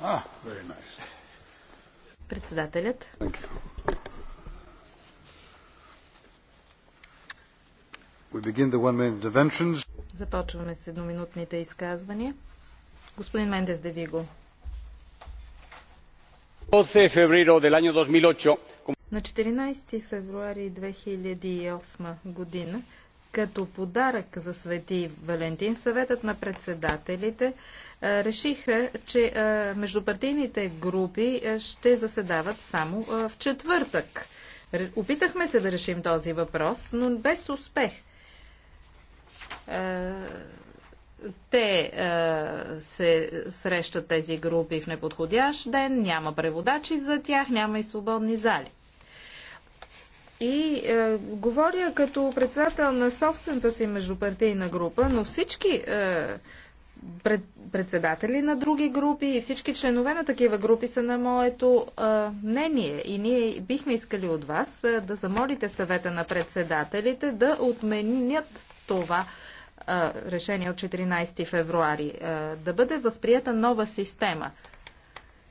Ah, nice. Председателят. Започваме с едноминутните изказвания. Господин Мендес де Виго. На 14 февруари 2008 година като подарък за Свети Валентин, съветът на председателите решиха, че междупартийните групи ще заседават само в четвъртък. Опитахме се да решим този въпрос, но без успех. Те се срещат тези групи в неподходящ ден, няма преводачи за тях, няма и свободни зали. И е, говоря като председател на собствената си междупартийна група, но всички е, пред, председатели на други групи и всички членове на такива групи са на моето е, мнение. И ние бихме искали от вас е, да замолите съвета на председателите да отменят това е, решение от 14 февруари, е, да бъде възприята нова система.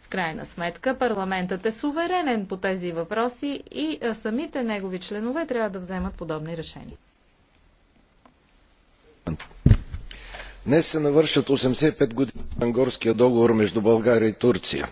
В крайна сметка парламентът е суверенен по тези въпроси и самите негови членове трябва да вземат подобни решения. Днес се навършват 85 години на Ангорския договор между България и Турция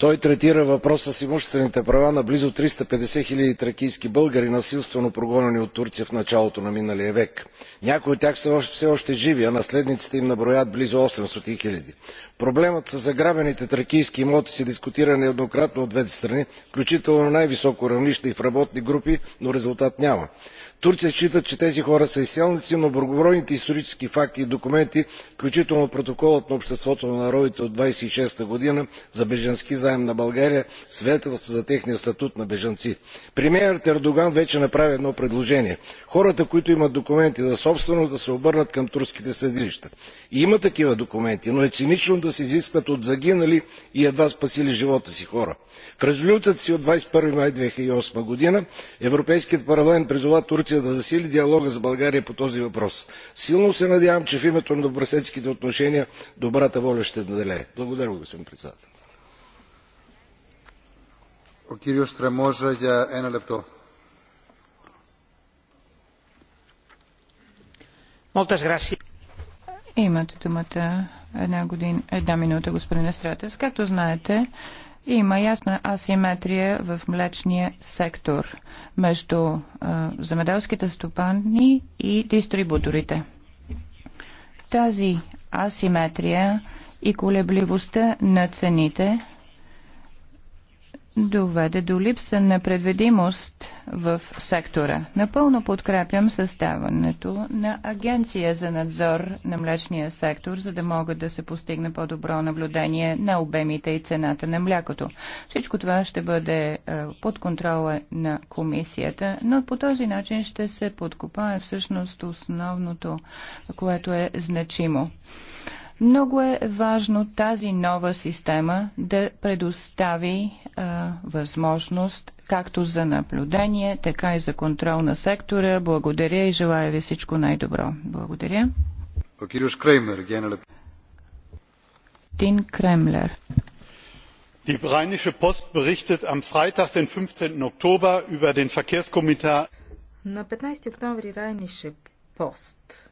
той третира въпроса с имуществените права на близо триста петдесет хиляди тракийски българи насилствено прогонени от турция в началото на миналия век. някои от тях са все още живи а наследниците им наброяват близо осемстотин хиляди. проблемът със заграбените тракийски имоти се дискутира нееднократно от двете страни включително на най високо равнище и в работни групи но резултат няма турция счита че тези хора са изселници но многобройните исторически факти и документи включително протоколът на обществото на народите от двадесет и шеста за бежански заем на България, свидетелства за техния статут на бежанци. премиерът ердоган вече направи едно предложение хората които имат документи за собственост да се обърнат към турските съдилища. има такива документи но е цинично да се изискват от загинали и едва спасили живота си хора. в резолюцията си от двадесет и първи май две хиляди и осма европейският парламент призова турция да засили диалога с България по този въпрос. силно се надявам че в името на добросъседските отношения добрата воля ще надделее. благодаря ви господин председател. Е Имате думата една, година, една господин Както знаете, има ясна асиметрия в млечния сектор между а, земеделските стопани и дистрибуторите. Тази асиметрия и колебливостта на цените – доведе до липса на предвидимост в сектора. Напълно подкрепям съставането на агенция за надзор на млечния сектор, за да могат да се постигне по-добро наблюдение на обемите и цената на млякото. Всичко това ще бъде е, под контрола на комисията, но по този начин ще се подкопае всъщност основното, което е значимо. Много е важно тази нова система да предостави а, възможност както за наблюдение, така и за контрол на сектора. Благодаря и желая ви всичко най-добро. Благодаря. Окирюш Креймер, генерал. Тин Кремлер. Die Rheinische Post berichtet am Freitag, den 15. Oktober, über den Verkehrskommissar. На 15 октомври Rheinische Post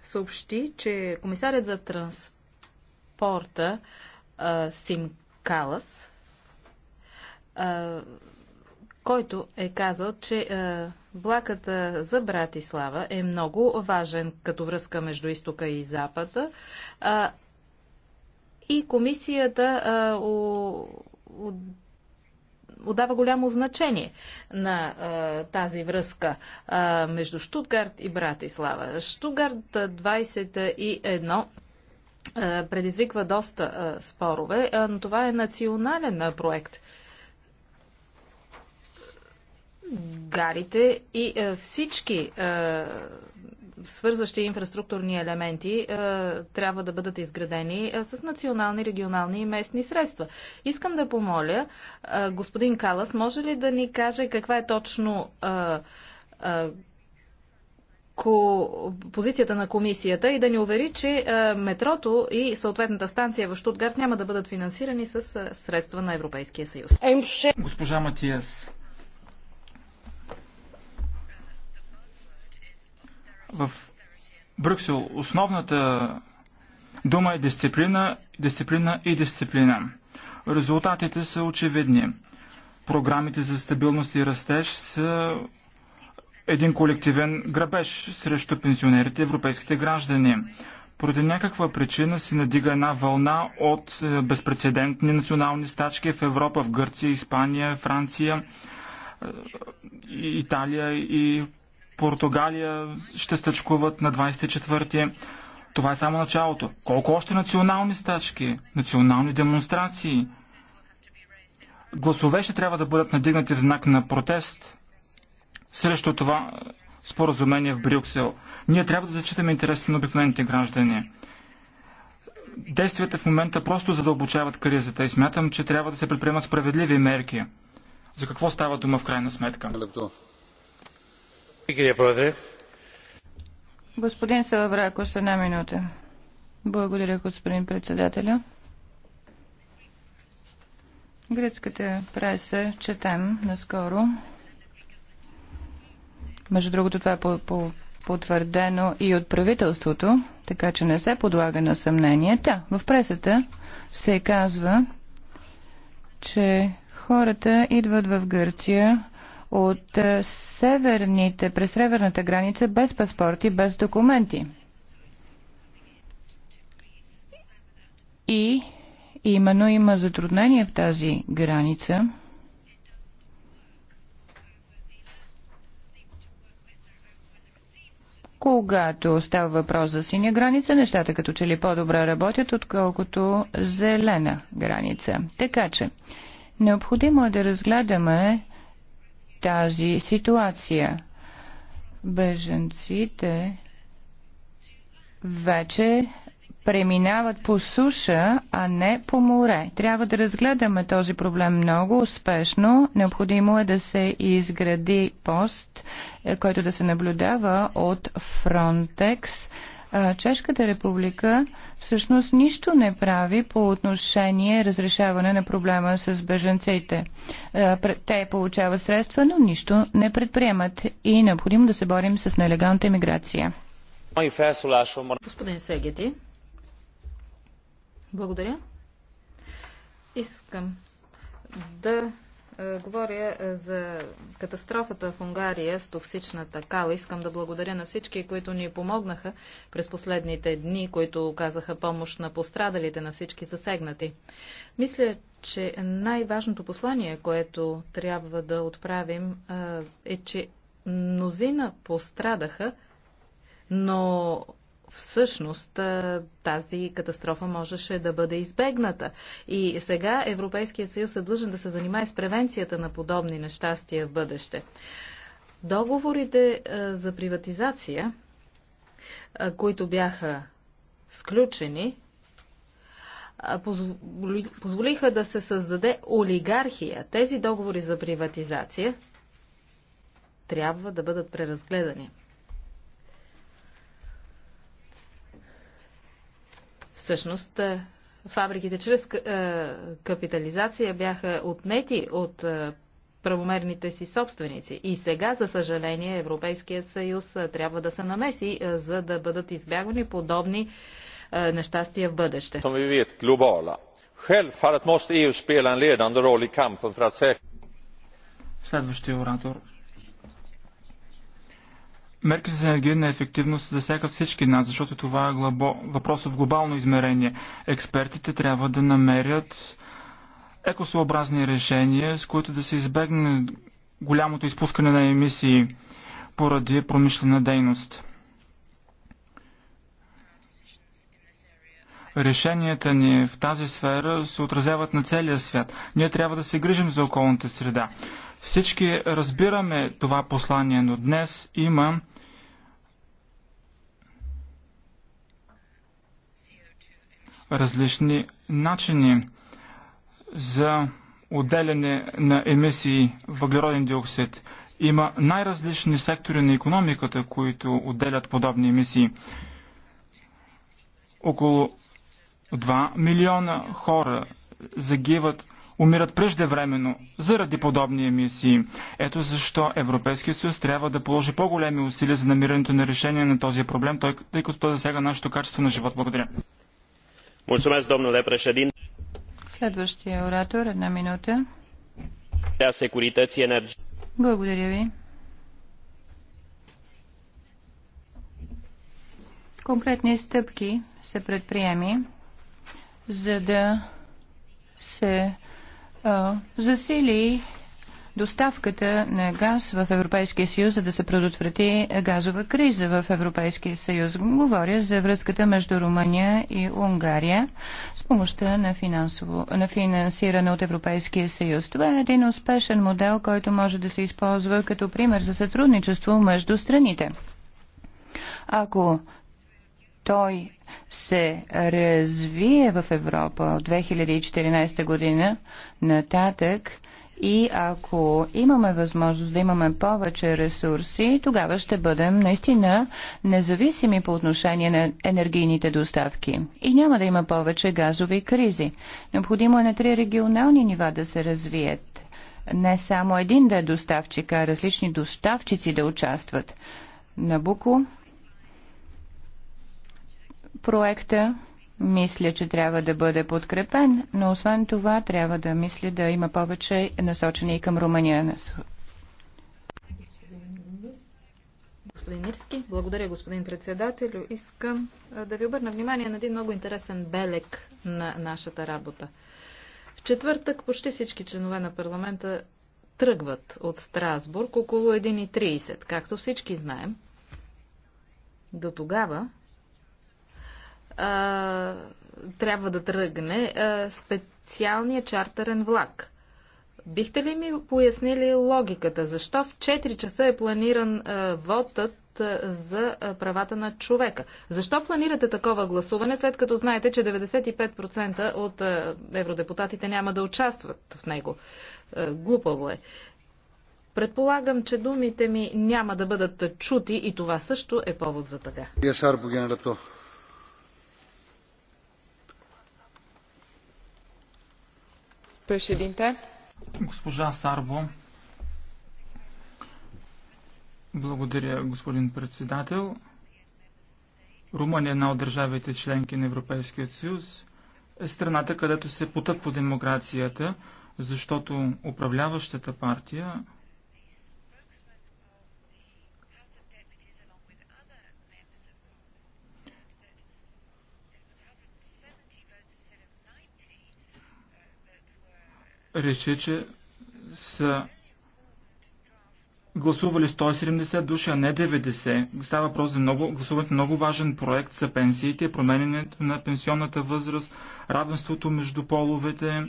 съобщи, че комисарят за транспорта Сим Калас, който е казал, че влаката за Братислава е много важен като връзка между изтока и запада. И комисията у, отдава голямо значение на а, тази връзка а, между Штутгарт и Братислава. Штутгарт 21 предизвиква доста спорове, но това е национален проект гарите и всички свързващи инфраструктурни елементи е, трябва да бъдат изградени е, с национални, регионални и местни средства. Искам да помоля е, господин Калас, може ли да ни каже каква е точно позицията на комисията и да ни увери, че метрото и съответната станция в Штутгарт няма да бъдат финансирани с средства на Европейския съюз. Госпожа Матиас, в Брюксел основната дума е дисциплина, дисциплина и дисциплина. Резултатите са очевидни. Програмите за стабилност и растеж са един колективен грабеж срещу пенсионерите и европейските граждани. Поради някаква причина се надига една вълна от е, безпредседентни национални стачки в Европа, в Гърция, Испания, Франция, е, Италия и Португалия ще стъчкуват на 24-ти. Това е само началото. Колко още национални стачки, национални демонстрации, гласове ще трябва да бъдат надигнати в знак на протест срещу това споразумение в Брюксел. Ние трябва да зачитаме интересите на обикновените граждани. Действията в момента просто задълбочават кризата и смятам, че трябва да се предприемат справедливи мерки. За какво става дума в крайна сметка? Господин Салавракос, една минута. Благодаря, господин председателя. Гръцката преса четем наскоро. Между другото, това е по, по, потвърдено и от правителството, така че не се подлага на съмнение. Та. в пресата се казва, че хората идват в Гърция от е, северните, през северната граница без паспорти, без документи. И именно има затруднение в тази граница. Когато става въпрос за синя граница, нещата като че ли по-добре работят, отколкото зелена граница. Така че, необходимо е да разгледаме тази ситуация. Беженците вече преминават по суша, а не по море. Трябва да разгледаме този проблем много успешно. Необходимо е да се изгради пост, е, който да се наблюдава от Фронтекс Чешката република всъщност нищо не прави по отношение разрешаване на проблема с беженците. Те получават средства, но нищо не предприемат и е необходимо да се борим с нелегалната иммиграция. Господин Сегети, благодаря. Искам да е, говоря е, за катастрофата в Унгария с токсичната кала. Искам да благодаря на всички, които ни помогнаха през последните дни, които оказаха помощ на пострадалите, на всички засегнати. Мисля, че най-важното послание, което трябва да отправим, е, е че мнозина пострадаха, но всъщност тази катастрофа можеше да бъде избегната. И сега Европейският съюз е длъжен да се занимае с превенцията на подобни нещастия в бъдеще. Договорите за приватизация, които бяха сключени, позволиха да се създаде олигархия. Тези договори за приватизация трябва да бъдат преразгледани. Всъщност, е, фабриките чрез е, капитализация бяха отнети от е, правомерните си собственици. И сега, за съжаление, Европейският съюз трябва да се намеси, за да бъдат избягвани подобни нещастия в бъдеще. Som Следващия оратор. Мерките за енергийна ефективност засягат всички нас, защото това е въпрос от глобално измерение. Експертите трябва да намерят екосообразни решения, с които да се избегне голямото изпускане на емисии поради промишлена дейност. Решенията ни в тази сфера се отразяват на целия свят. Ние трябва да се грижим за околната среда. Всички разбираме това послание, но днес има различни начини за отделяне на емисии въглероден диоксид. Има най-различни сектори на економиката, които отделят подобни емисии. Около 2 милиона хора загиват умират преждевременно заради подобни емисии. Ето защо Европейския съюз трябва да положи по-големи усилия за намирането на решение на този проблем, тъй като той засяга нашето качество на живот. Благодаря. Следващия оратор, една минута. Благодаря ви. конкретни стъпки се предприеми, за да се засили доставката на газ в Европейския съюз, за да се предотврати газова криза в Европейския съюз. Говоря за връзката между Румъния и Унгария с помощта на, финансово, на финансиране от Европейския съюз. Това е един успешен модел, който може да се използва като пример за сътрудничество между страните. Ако той се развие в Европа от 2014 година нататък и ако имаме възможност да имаме повече ресурси, тогава ще бъдем наистина независими по отношение на енергийните доставки. И няма да има повече газови кризи. Необходимо е на три регионални нива да се развият. Не само един да е доставчик, а различни доставчици да участват. Набуко, проекта мисля, че трябва да бъде подкрепен, но освен това трябва да мисля да има повече насочени и към Румъния. Господин Ирски, благодаря господин председател. Искам да ви обърна внимание на един много интересен белек на нашата работа. В четвъртък почти всички членове на парламента тръгват от Страсбург около 1.30, както всички знаем. До тогава а, трябва да тръгне а, специалния чартерен влак. Бихте ли ми пояснили логиката? Защо в 4 часа е планиран а, вотът а, за а, правата на човека? Защо планирате такова гласуване, след като знаете, че 95% от а, евродепутатите няма да участват в него? А, глупаво е. Предполагам, че думите ми няма да бъдат чути и това също е повод за тъга. președinte. Госпожа Сарбо. Благодаря, господин председател. Румъния, е една от държавите членки на Европейския съюз, е страната, където се потъпва демокрацията, защото управляващата партия реши, че са гласували 170 души, а не 90. Става въпрос за много, гласуват е много важен проект за пенсиите, промененето на пенсионната възраст, равенството между половете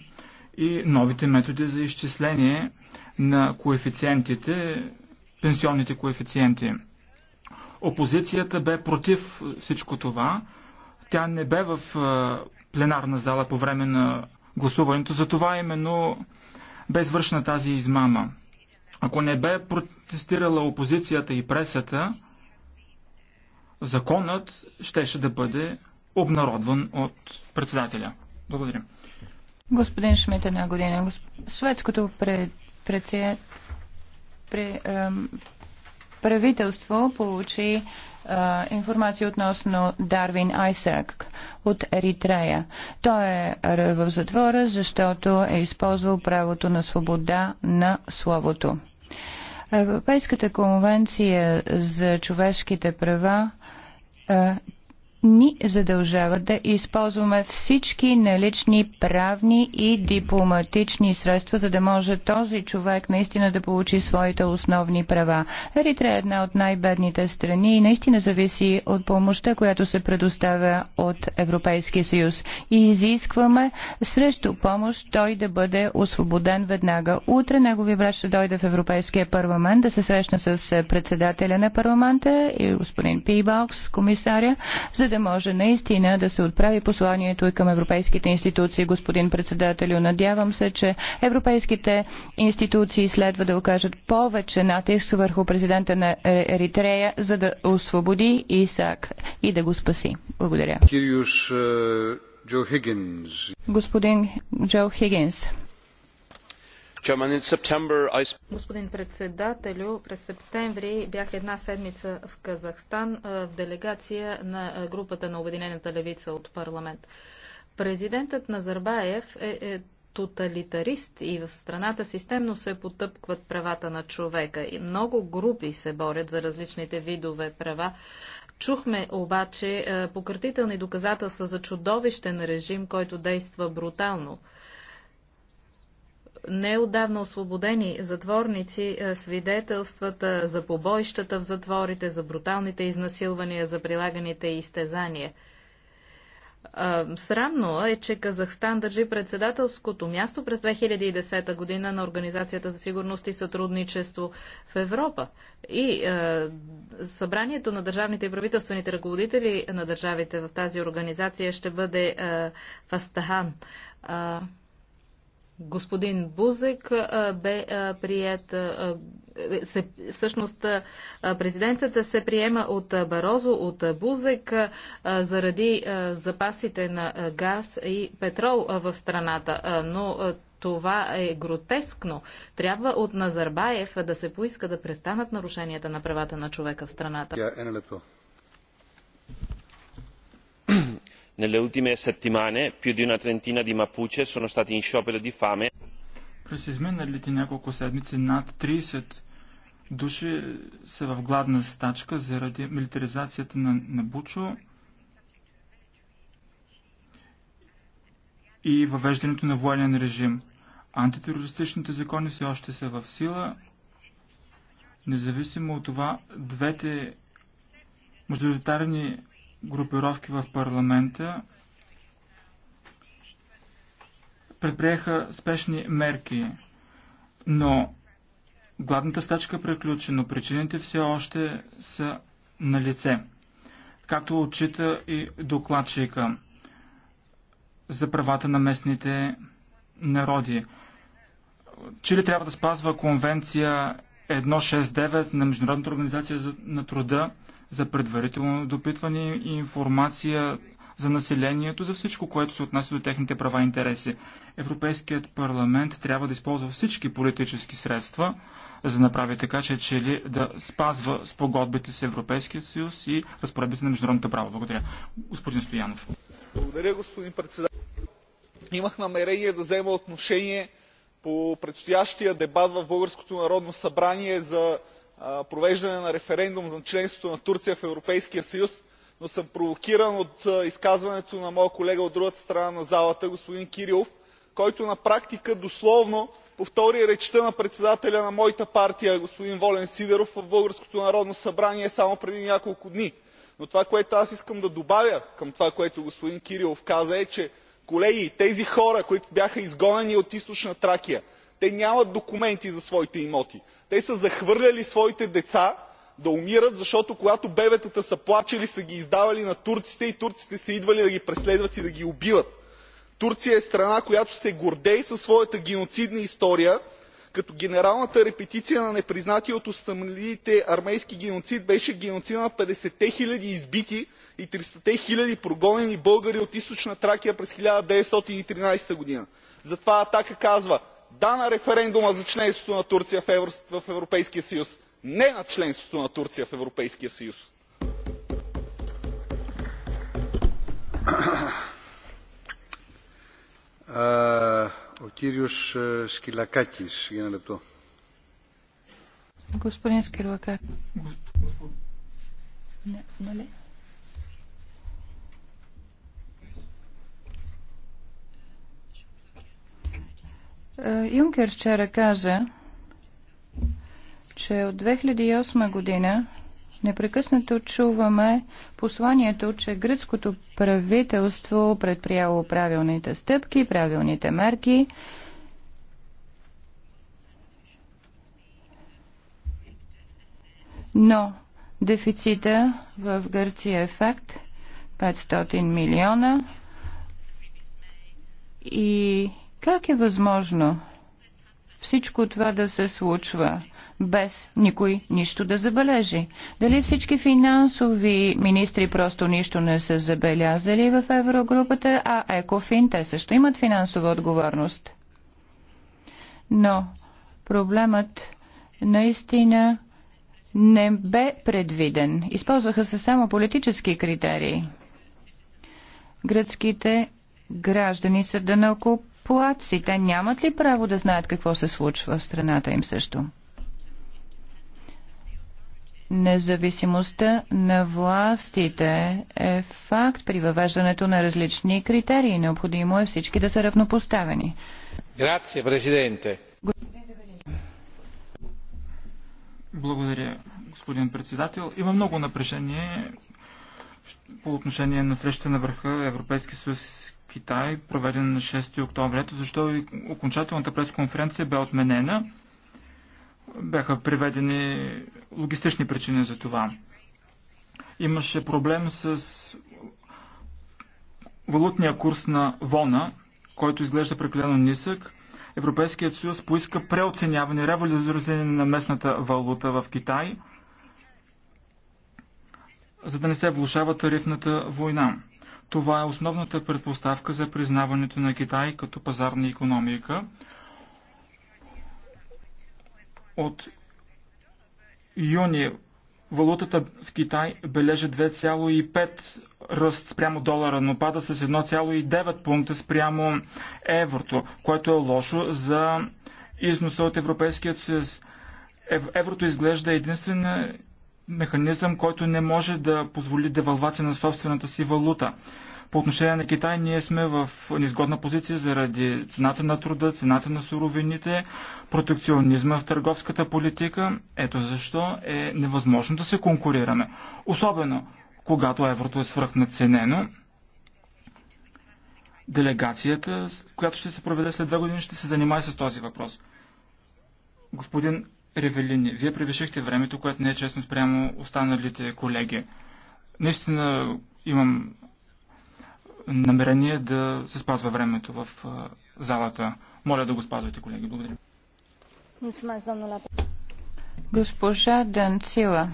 и новите методи за изчисление на коефициентите, пенсионните коефициенти. Опозицията бе против всичко това. Тя не бе в пленарна зала по време на гласуването. За това именно бе извършена тази измама. Ако не бе протестирала опозицията и пресата, законът щеше да бъде обнародван от председателя. Благодаря. Господин Шмит, една година. Госп... пред, пред... Пред... Пред... правителство получи информация относно Дарвин Айсак от Еритрея. Той е в затвора, защото е използвал правото на свобода на словото. Европейската конвенция за човешките права ни задължават да използваме всички налични правни и дипломатични средства, за да може този човек наистина да получи своите основни права. Еритрея е една от най-бедните страни и наистина зависи от помощта, която се предоставя от Европейския съюз. И изискваме срещу помощ той да бъде освободен веднага. Утре негови брат ще дойде в Европейския парламент да се срещне с председателя на парламента и господин Пибалкс, комисаря, за да може наистина да се отправи посланието и към европейските институции, господин председателю. Надявам се, че европейските институции следва да окажат повече натиск върху президента на е, Еритрея, за да освободи Исак и да го спаси. Благодаря. Е, господин Джо Хигинс. Господин председателю, през септември бях една седмица в Казахстан в делегация на групата на Обединената левица от парламент. Президентът Назарбаев е, е тоталитарист и в страната системно се потъпкват правата на човека. И много групи се борят за различните видове права. Чухме обаче пократителни доказателства за чудовищен режим, който действа брутално неодавна освободени затворници е, свидетелстват е, за побойщата в затворите, за бруталните изнасилвания, за прилаганите изтезания. Е, срамно е, че Казахстан държи председателското място през 2010 година на Организацията за сигурност и сътрудничество в Европа. И е, събранието на държавните и правителствените ръководители на държавите в тази организация ще бъде е, в Астахан. Е, господин Бузек бе прият. Е, се, всъщност президенцията се приема от Барозо, от Бузек заради запасите на газ и петрол в страната. Но това е гротескно. Трябва от Назарбаев да се поиска да престанат нарушенията на правата на човека в страната. Е nelle ultime settimane più di una trentina di Mapuche sono stati in sciopero di fame. През изминалите няколко седмици над 30 души са в гладна стачка заради милитаризацията на Набучо и въвеждането на военен режим. Антитерористичните закони все още са в сила. Независимо от това, двете мажоритарни групировки в парламента предприеха спешни мерки, но гладната стачка е приключи, но причините все още са на лице, както отчита и докладчика за правата на местните народи. Чили трябва да спазва конвенция 169 на Международната организация на труда за предварително допитване и информация за населението, за всичко, което се отнася до техните права и интереси. Европейският парламент трябва да използва всички политически средства, за да направи така, че чели да спазва спогодбите с Европейския съюз и разпоредбите на международното право. Благодаря. Господин Стоянов. Благодаря, господин председател. Имах намерение да взема отношение по предстоящия дебат в Българското народно събрание за провеждане на референдум за членството на турция в европейския съюз но съм провокиран от изказването на моя колега от другата страна на залата господин кирилов който на практика дословно повтори речта на председателя на моята партия господин волен сидеров в българското народно събрание само преди няколко дни. но това което аз искам да добавя към това което господин кирилов каза е че колеги тези хора които бяха изгонени от източна тракия те нямат документи за своите имоти. Те са захвърляли своите деца да умират, защото когато бебетата са плачели, са ги издавали на турците и турците са идвали да ги преследват и да ги убиват. Турция е страна, която се гордее със своята геноцидна история, като генералната репетиция на непризнатия от останалите армейски геноцид беше геноцидът на 50-те хиляди избити и 300-те хиляди прогонени българи от Източна Тракия през 1913 г. Затова „Атака” казва: да на референдума за членството на турция в европейския съюз не на членството на турция в европейския съюз! Е, Юнкер вчера каза, че от 2008 година непрекъснато чуваме посланието, че гръцкото правителство предприяло правилните стъпки, правилните мерки. Но дефицита в Гърция е факт 500 милиона и как е възможно всичко това да се случва? без никой нищо да забележи. Дали всички финансови министри просто нищо не са забелязали в еврогрупата, а Екофин те също имат финансова отговорност. Но проблемът наистина не бе предвиден. Използваха се само политически критерии. Гръцките граждани са да около платци, те нямат ли право да знаят какво се случва в страната им също? Независимостта на властите е факт при въвеждането на различни критерии. Необходимо е всички да са равнопоставени. Грация, президенте. Благодаря, господин председател. Има много напрежение по отношение на среща на върха Европейски съюз Китай, проведен на 6 октомври. Ето защо и окончателната пресконференция бе отменена. Бяха приведени логистични причини за това. Имаше проблем с валутния курс на ВОНа, който изглежда прекалено нисък. Европейският съюз поиска преоценяване, революциониране на местната валута в Китай, за да не се влушава тарифната война. Това е основната предпоставка за признаването на Китай като пазарна економика. От юни валутата в Китай бележи 2,5 ръст спрямо долара, но пада с 1,9 пункта спрямо еврото, което е лошо за износа от Европейския съюз. Еврото изглежда единствена механизъм, който не може да позволи девалвация на собствената си валута. По отношение на Китай ние сме в неизгодна позиция заради цената на труда, цената на суровините, протекционизма в търговската политика. Ето защо е невъзможно да се конкурираме. Особено когато еврото е свръхнаценено. Делегацията, която ще се проведе след две години, ще се занимае с този въпрос. Господин Ревелини, вие превишихте времето, което не е честно спрямо останалите колеги. Наистина имам намерение да се спазва времето в залата. Моля да го спазвате, колеги. Благодаря. Госпожа Данцила.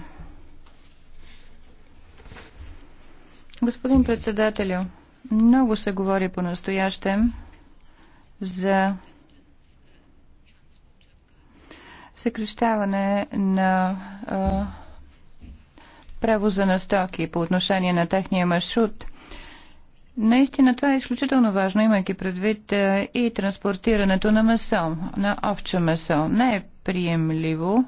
Господин председателю, много се говори по-настоящем за съкрещаване на а, превоза на стоки по отношение на техния маршрут. Наистина това е изключително важно, имайки предвид а, и транспортирането на месо, на овче месо. Не е приемливо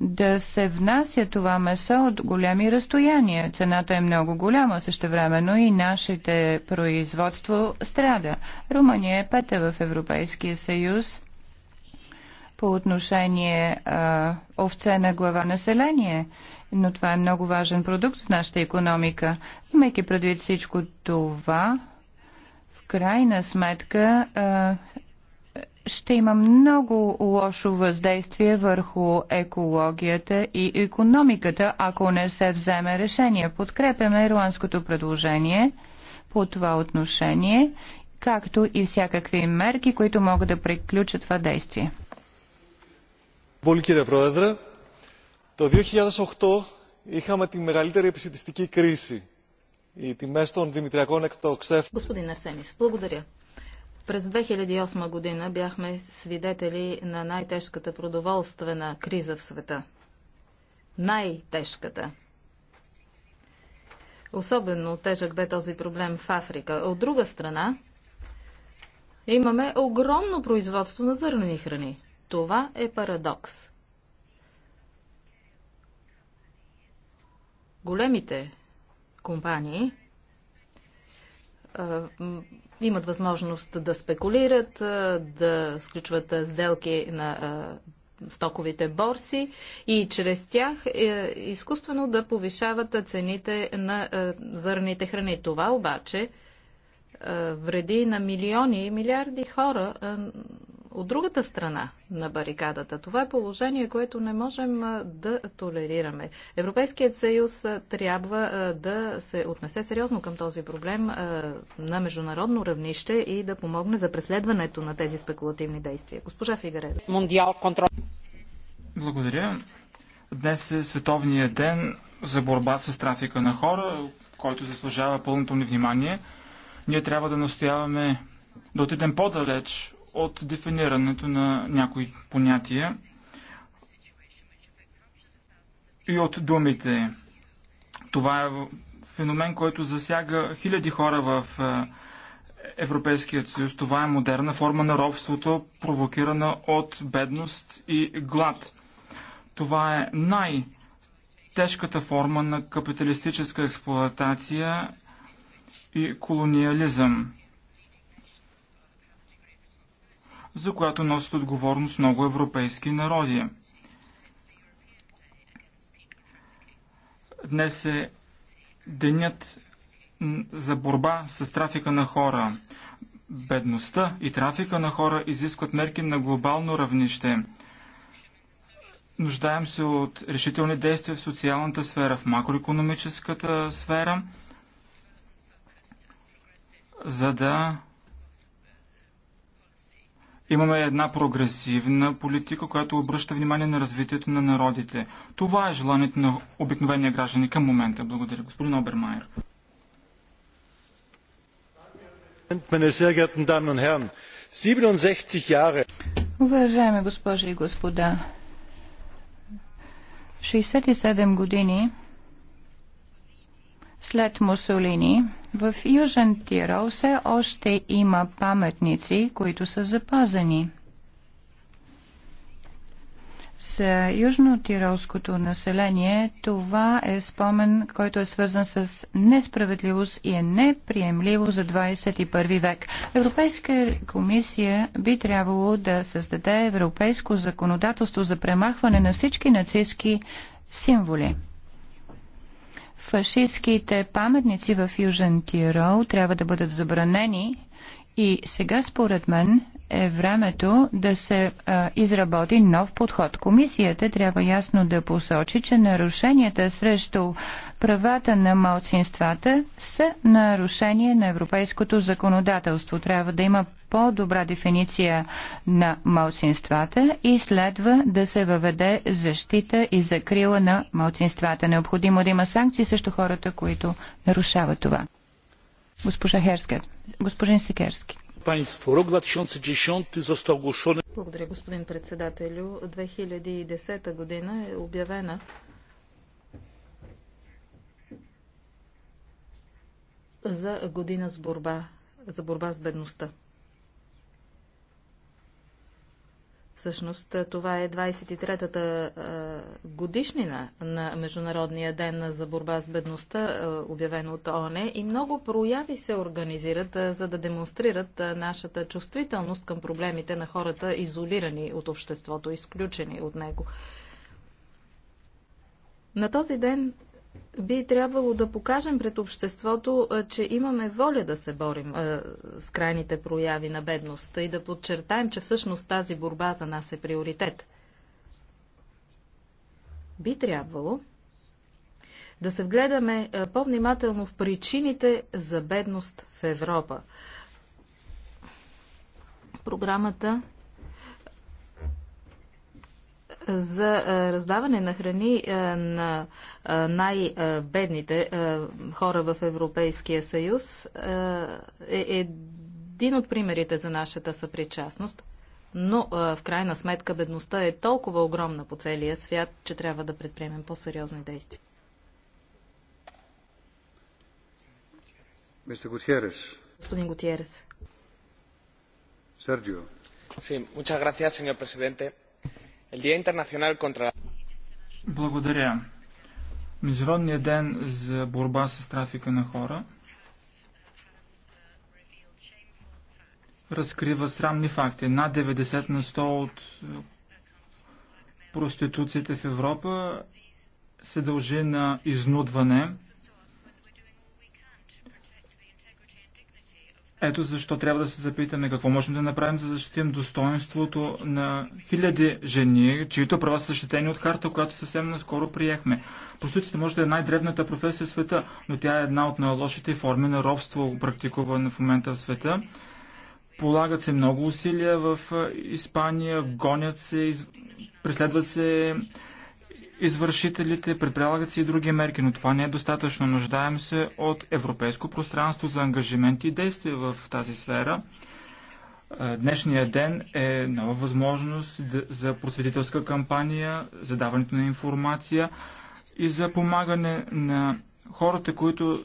да се внася това месо от големи разстояния. Цената е много голяма, същевременно и нашите производство страда. Румъния е пета в Европейския съюз по отношение а, овце на глава население, но това е много важен продукт в нашата економика. Имайки предвид всичко това, в крайна сметка а, ще има много лошо въздействие върху екологията и економиката, ако не се вземе решение. Подкрепяме ирландското предложение по това отношение, както и всякакви мерки, които могат да приключат това действие κύριε πρόεδρε το 2008 είχαμε τη μεγαλύτερη επισητιστική κρίση. Οι τιμές των δημητριακών εκτοξεύσεων... Господин Арсенис, благодаря. През 2008 година бяхме свидетели на най-тежката продоволствена криза в света. Най-тежката. Особено тежък бе този проблем в Африка. От друга страна, имаме огромно производство на зърнени храни. Това е парадокс. Големите компании имат възможност да спекулират, да сключват сделки на стоковите борси и чрез тях е, изкуствено да повишават цените на зърните храни. Това обаче вреди на милиони и милиарди хора от другата страна на барикадата. Това е положение, което не можем да толерираме. Европейският съюз трябва да се отнесе сериозно към този проблем на международно равнище и да помогне за преследването на тези спекулативни действия. Госпожа Фигаредо. Мондиал контрол. Благодаря. Днес е световният ден за борба с трафика на хора, който заслужава пълното ни внимание. Ние трябва да настояваме да отидем по-далеч от дефинирането на някои понятия и от думите. Това е феномен, който засяга хиляди хора в е, Европейският съюз. Това е модерна форма на робството, провокирана от бедност и глад. Това е най-тежката форма на капиталистическа експлоатация и колониализъм. за която носят отговорност много европейски народи. Днес е денят за борба с трафика на хора. Бедността и трафика на хора изискват мерки на глобално равнище. Нуждаем се от решителни действия в социалната сфера, в макроекономическата сфера, за да Имаме една прогресивна политика, която обръща внимание на развитието на народите. Това е желанието на обикновения граждани към момента. Благодаря, господин Обермайер. Уважаеми госпожи и господа, 67 години след Мусолини в Южен Тирол все още има паметници, които са запазени. С южно-тиролското население това е спомен, който е свързан с несправедливост и е неприемливо за 21 век. Европейска комисия би трябвало да създаде европейско законодателство за премахване на всички нацистски символи. Фашистските паметници в Южен Тирол трябва да бъдат забранени и сега според мен е времето да се а, изработи нов подход. Комисията трябва ясно да посочи, че нарушенията срещу правата на малцинствата са нарушение на европейското законодателство. Трябва да има по-добра дефиниция на малцинствата и следва да се въведе защита и закрила на малцинствата. Необходимо да има санкции срещу хората, които нарушават това. Госпожа Херскет. Господин Секерски. Благодаря, господин председателю. 2010 година е обявена за година с борба, за борба с бедността. Всъщност това е 23-та годишнина на Международния ден за борба с бедността, обявено от ООН, и много прояви се организират, за да демонстрират нашата чувствителност към проблемите на хората, изолирани от обществото, изключени от него. На този ден би трябвало да покажем пред обществото, че имаме воля да се борим е, с крайните прояви на бедността и да подчертаем, че всъщност тази борба за нас е приоритет. Би трябвало да се вгледаме по-внимателно в причините за бедност в Европа. Програмата за е, раздаване на храни е, на е, най-бедните хора в Европейския съюз е един от примерите за нашата съпричастност. Но в крайна сметка бедността е толкова огромна по целия свят, че трябва да предприемем по-сериозни действия. Гутиерес. Господин Гутиерес. Серджио. Sí, muchas gracias, señor presidente. Благодаря. Международният ден за борба с трафика на хора разкрива срамни факти. Над 90 на 100 от проституцията в Европа се дължи на изнудване Ето защо трябва да се запитаме какво можем да направим, за да защитим достоинството на хиляди жени, чието права са защитени от харта, която съвсем наскоро приехме. Проституцията може да е най-древната професия в света, но тя е една от най-лошите форми на робство, практикувана в момента в света. Полагат се много усилия в Испания, гонят се, преследват се извършителите, предприлагат се и други мерки, но това не е достатъчно. Нуждаем се от европейско пространство за ангажименти и действия в тази сфера. Е, Днешният ден е нова възможност за просветителска кампания, за даването на информация и за помагане на хората, които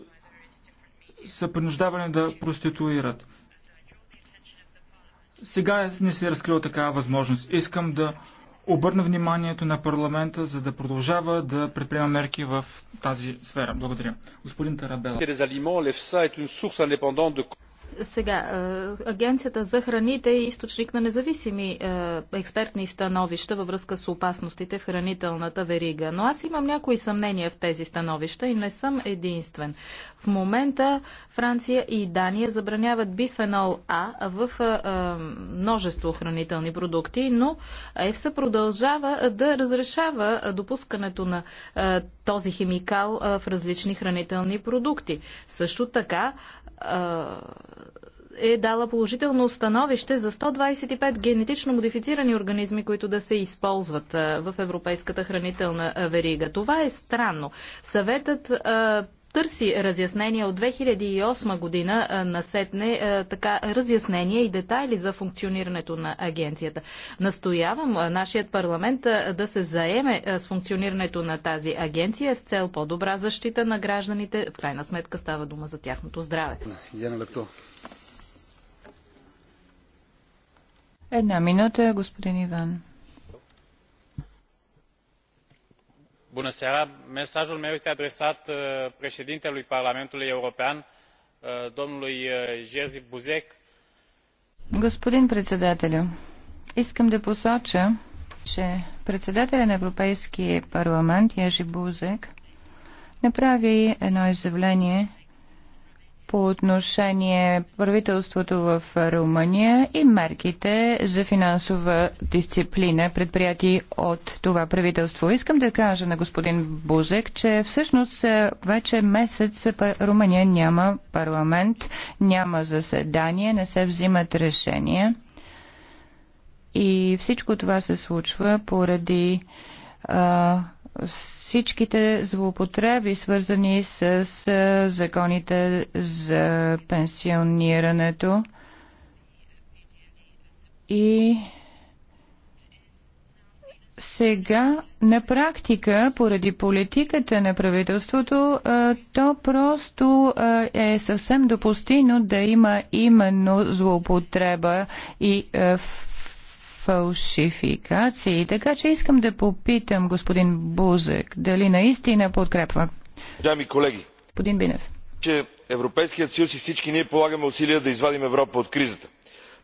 са принуждавани да проституират. Сега не се е разкрила такава възможност. Искам да обърна вниманието на парламента, за да продължава да предприема мерки в тази сфера. Благодаря. Господин Тарабела. Сега, е, Агенцията за храните е източник на независими е, експертни становища във връзка с опасностите в хранителната верига. Но аз имам някои съмнения в тези становища и не съм единствен. В момента Франция и Дания забраняват бисфенол А в е, множество хранителни продукти, но ЕФСА продължава да разрешава допускането на този химикал в различни хранителни продукти. Също така, е дала положително становище за 125 генетично модифицирани организми, които да се използват в европейската хранителна верига. Това е странно. Съветът търси разяснение от 2008 година насетне така разяснения и детайли за функционирането на агенцията. Настоявам нашият парламент да се заеме с функционирането на тази агенция с цел по-добра защита на гражданите. В крайна сметка става дума за тяхното здраве. Една минута, господин Иван. mesajul meu este adresat uh, preedintelui parlamentului european uh, domnului uh, jerzy buzek Господин председателю, искам да посоча, че председателя на Европейския парламент Ежи Бузек направи едно изявление по отношение правителството в Румъния и мерките за финансова дисциплина, предприяти от това правителство. Искам да кажа на господин Бузек, че всъщност е, вече месец Румъния няма парламент, няма заседание, не се взимат решения. И всичко това се случва поради а, всичките злоупотреби, свързани с е, законите за пенсионирането и сега на практика, поради политиката на правителството, е, то просто е, е съвсем допустимо да има именно злоупотреба и фалшификации. Така че искам да попитам господин Бузек дали наистина подкрепва. Дами колеги, господин Бинев. Че Европейският съюз и всички ние полагаме усилия да извадим Европа от кризата.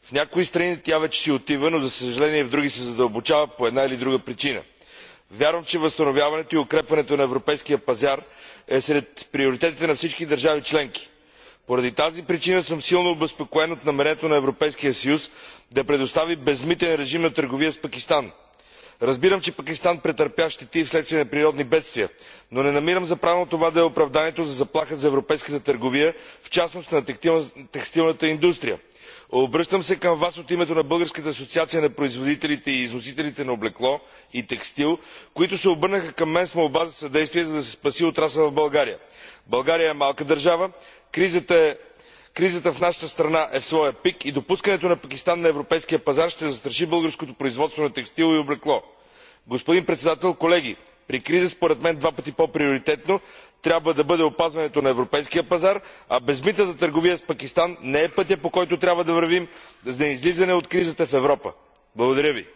В някои страни тя вече си отива, но за съжаление в други се задълбочава по една или друга причина. Вярвам, че възстановяването и укрепването на европейския пазар е сред приоритетите на всички държави членки. Поради тази причина съм силно обезпокоен от намерението на Европейския съюз да предостави безмитен режим на търговия с пакистан. разбирам че пакистан претърпя щети вследствие на природни бедствия но не намирам за правилно това да е оправданието за заплаха за европейската търговия в частност на текстилната индустрия. обръщам се към вас от името на българската асоциация на производителите и износителите на облекло и текстил които се обърнаха към мен с молба за съдействие за да се спаси отрасълът в българя. българя е малка държава кризата е кризата в нашата страна е в своя пик и допускането на пакистан на европейския пазар ще застраши българското производство на текстил и облекло. господин председател колеги при криза според мен два пъти по приоритетно трябва да бъде опазването на европейския пазар а безмитната търговия с пакистан не е пътят по който трябва да вървим за излизане от кризата в европа. благодаря ви.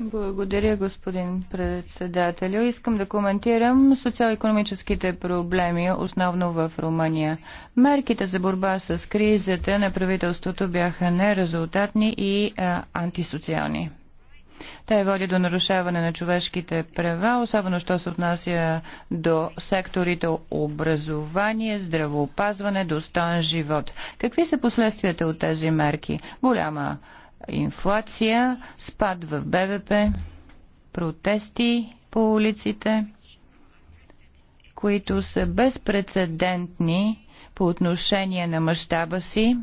Благодаря, господин председателю. Искам да коментирам социал-економическите проблеми, основно в Румъния. Мерките за борба с кризата на правителството бяха нерезултатни и а, антисоциални. Те води до нарушаване на човешките права, особено що се отнася до секторите образование, здравоопазване, достоен живот. Какви са последствията от тези мерки? Голяма инфлация, спад в БВП, протести по улиците, които са безпредседентни по отношение на мащаба си.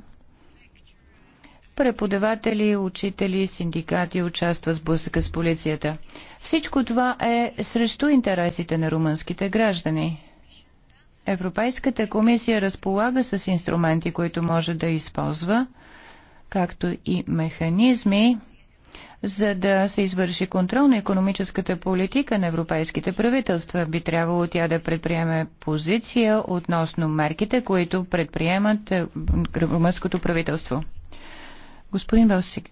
Преподаватели, учители, синдикати участват в блъсъка с полицията. Всичко това е срещу интересите на румънските граждани. Европейската комисия разполага с инструменти, които може да използва – както и механизми, за да се извърши контрол на економическата политика на европейските правителства. Би трябвало тя да предприеме позиция относно мерките, които предприемат е, румънското правителство. Господин Валсик.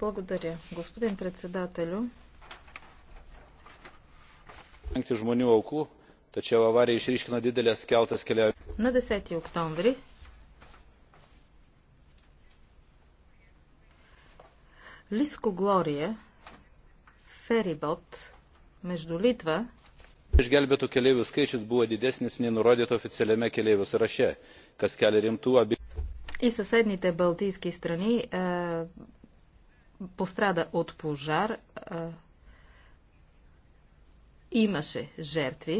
Благодаря, господин председателю. На 10 октомври Лиско Глория, ферибот между Литва išgelbėtų keleivių skaičius buvo didesnis nei nurodyta oficialiame keleivių sąraše, kas kelia rimtų abi. И съседните балтийски страни е, пострада от пожар. Е, имаше жертви.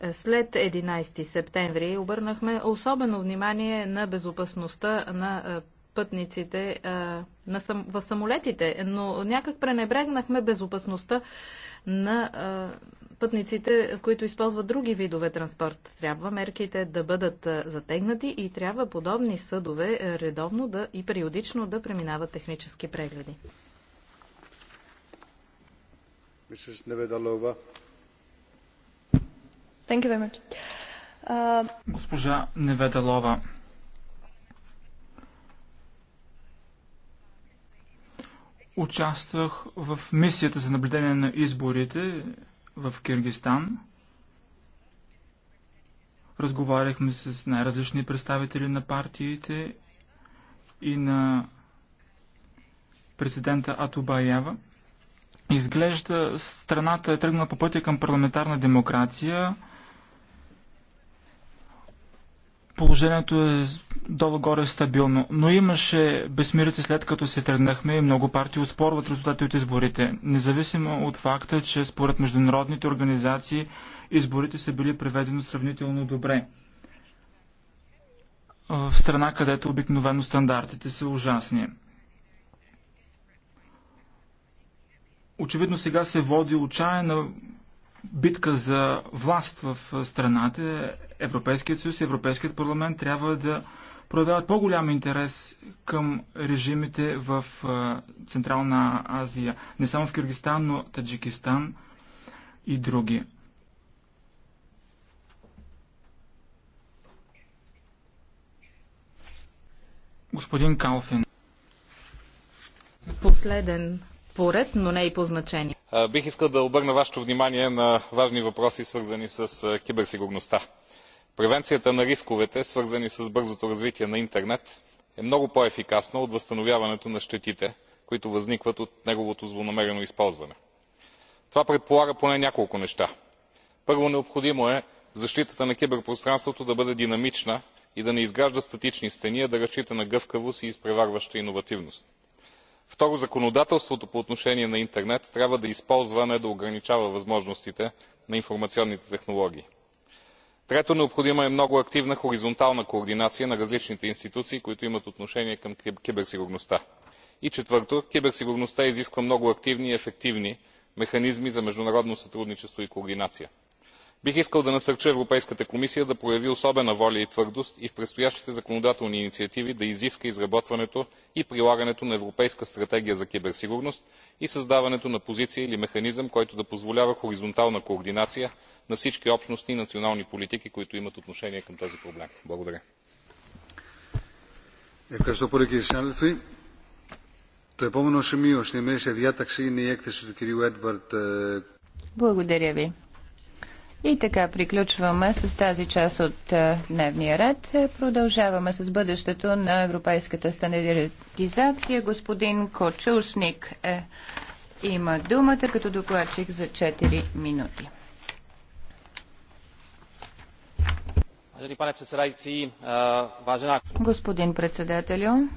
Е, след 11 септември обърнахме особено внимание на безопасността на е, пътниците на сам, в самолетите, но някак пренебрегнахме безопасността на пътниците, които използват други видове транспорт. Трябва мерките да бъдат затегнати и трябва подобни съдове редовно да и периодично да преминават технически прегледи. Госпожа Неведалова, Участвах в мисията за наблюдение на изборите в Киргистан. Разговаряхме с най-различни представители на партиите и на президента Атубаява. Изглежда страната е тръгнала по пътя към парламентарна демокрация. Положението е долу-горе стабилно. Но имаше безмирите след като се тръгнахме и много партии успорват резултати от изборите. Независимо от факта, че според международните организации изборите са били преведени сравнително добре. В страна, където обикновено стандартите са ужасни. Очевидно сега се води отчаяна битка за власт в страната, Европейският съюз и Европейският парламент трябва да проявяват по-голям интерес към режимите в Централна Азия, не само в Киргистан, но Таджикистан и други. Господин Калфин. Последен поред, но не и по значение. Бих искал да обърна вашето внимание на важни въпроси, свързани с киберсигурността превенцията на рисковете свързани с бързото развитие на интернет е много по ефикасна от възстановяването на щетите които възникват от неговото злонамерено използване. това предполага поне няколко неща. първо необходимо е защитата на киберпространството да бъде динамична и да не изгражда статични стени а да разчита на гъвкавост и изпреварваща иновативност. второ законодателството по отношение на интернет трябва да използва а не да ограничава възможностите на информационните технологии трето необходима е много активна хоризонтална координация на различните институции които имат отношение към киберсигурността. и четвърто киберсигурността изисква много активни и ефективни механизми за международно сътрудничество и координация бих искал да насърча европейската комисия да прояви особена воля и твърдост и в предстоящите законодателни инициативи да изиска изработването и прилагането на европейска стратегия за киберсигурност и създаването на позиция или механизъм който да позволява хоризонтална координация на всички общностни и национални политики които имат отношение към този проблем. благодаря. Благодаря ви. И така приключваме с тази част от е, дневния ред. Продължаваме с бъдещето на европейската стандартизация. Господин кочусник е, има думата като докладчик за 4 минути. Е, Господин председателю,